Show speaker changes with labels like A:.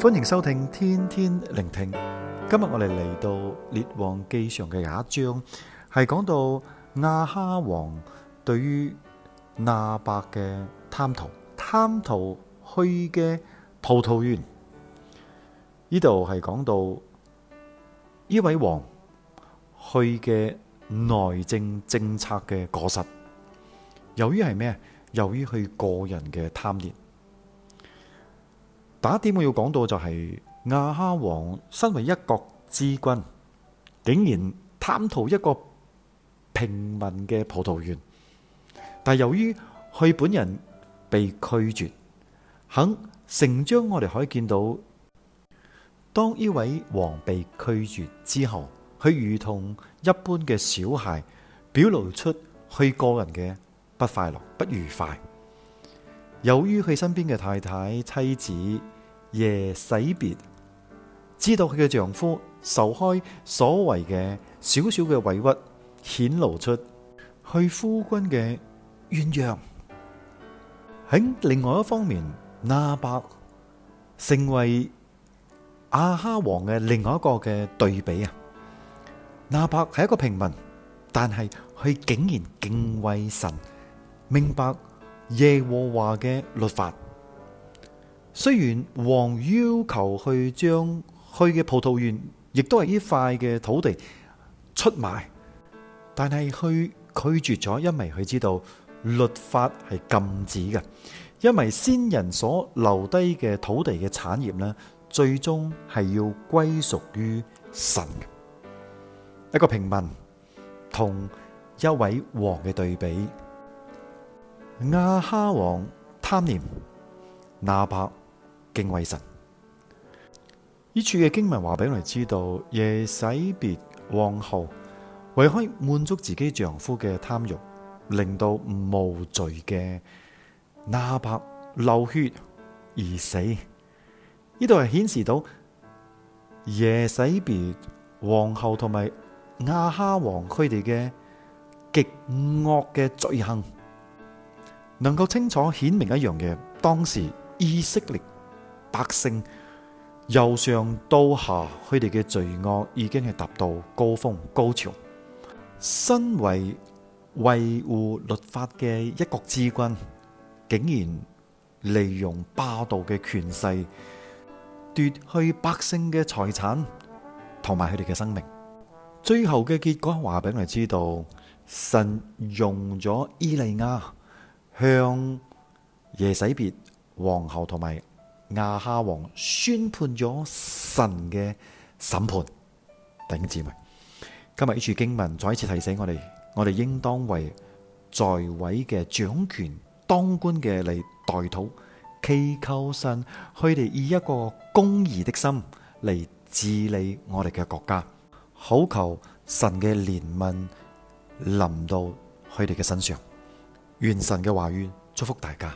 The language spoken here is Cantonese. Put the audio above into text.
A: 歡迎收聽天天聆聽。今日我哋嚟到《列王記上》嘅廿一章，係講到亞哈王對於拿伯嘅貪圖，貪圖去嘅葡萄園。呢度係講到呢位王去嘅內政政策嘅過失，由於係咩？由於佢個人嘅貪念。一啲、啊、我要講到就係、是、亞哈王身為一國之君，竟然貪圖一個平民嘅葡萄園，但由於佢本人被拒絕，肯成章我哋可以見到，當呢位王被拒絕之後，佢如同一般嘅小孩，表露出佢個人嘅不快樂、不愉快。由於佢身邊嘅太太、妻子。耶洗別知道佢嘅丈夫受開所謂嘅小小嘅委屈，顯露出去夫君嘅怨怨。喺另外一方面，拿伯成為亞哈王嘅另外一個嘅對比啊！拿伯係一個平民，但係佢竟然敬畏神，明白耶和華嘅律法。雖然王要求佢將佢嘅葡萄園，亦都係呢塊嘅土地出賣，但係佢拒絕咗，因為佢知道律法係禁止嘅。因為先人所留低嘅土地嘅產業呢，最終係要歸屬於神。一個平民同一位王嘅對比，亞哈王貪念，拿伯，敬畏神。呢處嘅經文話俾我哋知道，耶洗別皇后為可以滿足自己丈夫嘅貪欲，令到無罪嘅拿伯流血而死。呢度係顯示到耶洗別皇后同埋亞哈王佢哋嘅極惡嘅罪行，能夠清楚顯明一樣嘅當時以色列。百姓由上到下，佢哋嘅罪惡已經係達到高峰高潮。身為維護律法嘅一國之君，竟然利用霸道嘅權勢奪去百姓嘅財產同埋佢哋嘅生命。最後嘅結果，話俾我哋知道，神用咗以利亞向耶洗別皇后同埋。亞哈王宣判咗神嘅審判，頂住咪？今日呢處經文再一次提醒我哋，我哋應當為在位嘅掌權當官嘅嚟代禱祈求神，佢哋以一個公義的心嚟治理我哋嘅國家，好求神嘅憐憫臨到佢哋嘅身上。願神嘅話語祝福大家。